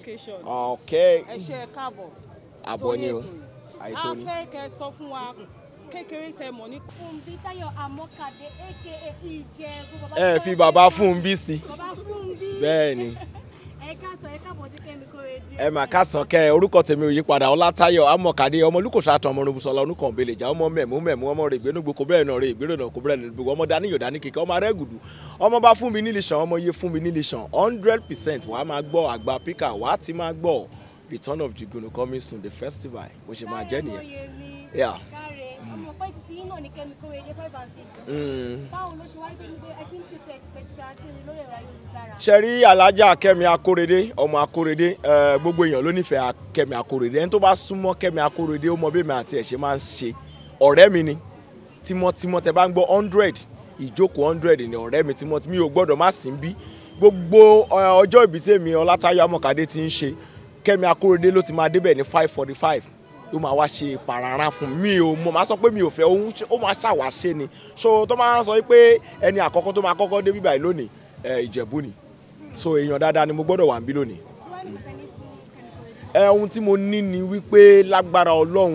location. okay. ẹ ṣe ẹ káàbọ̀. àbọ̀ ni o àìtó ni. a fẹ́ kẹ́ sọ fún wa kékeré tẹ mọ̀ ní. Fúnbí Táyọ̀ Àmọ́kàdé aka Ìjẹ̀bú. ẹ fi baba Fúnbí sí. bàbá Fúnbí. bẹ́ẹ̀ ẹ mà kásán kẹ orúkọ tèmi ò yí padà ọlátayọ amọkàdé ọmọlúkòsá àtọ ọmọ rògbòsọ ọlọrun ọmọ mẹmú mẹmú ọmọ rẹ ìgbénúgbò kò bẹrẹ náà rẹ ìgbérònà kò bẹrẹ nínú gbogbo ọmọ dání yòdá kíkẹ ọmọ arẹgùdù ọmọ bá fún mi nílì sàn ọmọ yé fún mi nílì sàn hundred percent wàá máa gbọ àgbà píkà wàá ti máa gbọ return of jigunu coming soon the festival bó ṣe máa jẹ nìyẹn mọ̀ pé títí yín náà ní Kẹ́mi Kórèdé five and six. Mm. báwo ló ṣe wá rí pé níbi ẹ ti ń pèpè tipẹ́tipẹ́ àti ìrìn lórí ẹ̀rọ ayélujára. ṣe rí alájà Kẹ́mi Akórèdé ọmọ Akórèdé gbogbo èèyàn ló nífẹ̀ẹ́ Kẹ́mi Akórèdé ẹni tó bá súnmọ́ Kẹ́mi Akórèdé ó mọ bí mi àti ẹ̀ ṣe máa ń ṣe ọ̀rẹ́ mi ni tímọ́tímọ́ tẹ bá ń gbọ́ hundred ìjókòó hundred ni ọ̀rẹ́ mi tímọ́tí mi gbọ́dọ̀ má sí bí gbogbo ọjọ́ ìbí tèmi Ọlátayọ̀ Amọ̀kadé ti ń ṣe Kẹ́mi Akórèdé ló ti máa débẹ̀ ní five forty five yóò máa wá ṣe ìpàràrà fún mi ò mọ̀ máa sọ pé mi ò fẹ́ òun ó máa ṣàwáṣe ni so tó máa sọ pé ẹni àkọ́kọ́ tó máa kọ́kọ́ dé bíbáyìí lónìí ìjẹ̀bú ni so èèyàn dáadáa ni mo gbọ́dọ̀ wà ń bí lónìí ohun tí mo ní ni wípé lágbára ọlọ́run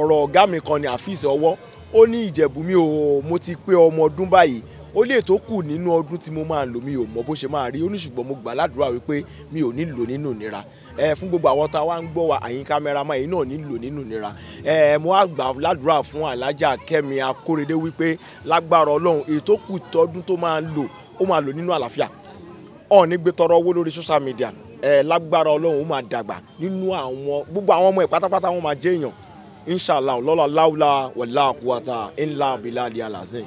ọ̀rọ̀ ọ̀gá mi kan ni àfíìsì ọwọ́ ó ní ìjẹ̀bú mi ò mo ti pé ọmọ ọdún báyìí ó lè tó kù nínú ọdún tí mo máa lò mi ò mọ bó ṣe máa rí ó mo gbà ládùúrà wípé mi ò nílò nínú ìnira ẹ fún gbogbo àwọn tá a wá ń gbọ́ wa àyín kámẹ́rámà yìí náà nílò nínú ìnira ẹ mo á gbà ládùúrà fún alájà Kẹ́mi Akórèdé wípé lágbára Ọlọ́run ètò kù tọdún tó máa lò ó máa lò nínú àlàáfíà ọ̀n ní gbé owó lórí social media ẹ lágbára Ọlọ́run ó máa dàgbà nínú àwọn gbogbo àwọn ọmọ ẹ̀ pátápátá wọn máa jẹ́ èèyàn inshallah lọ́la láwùlà wọ̀lá àkúwàtà ńlá abilá alialazim.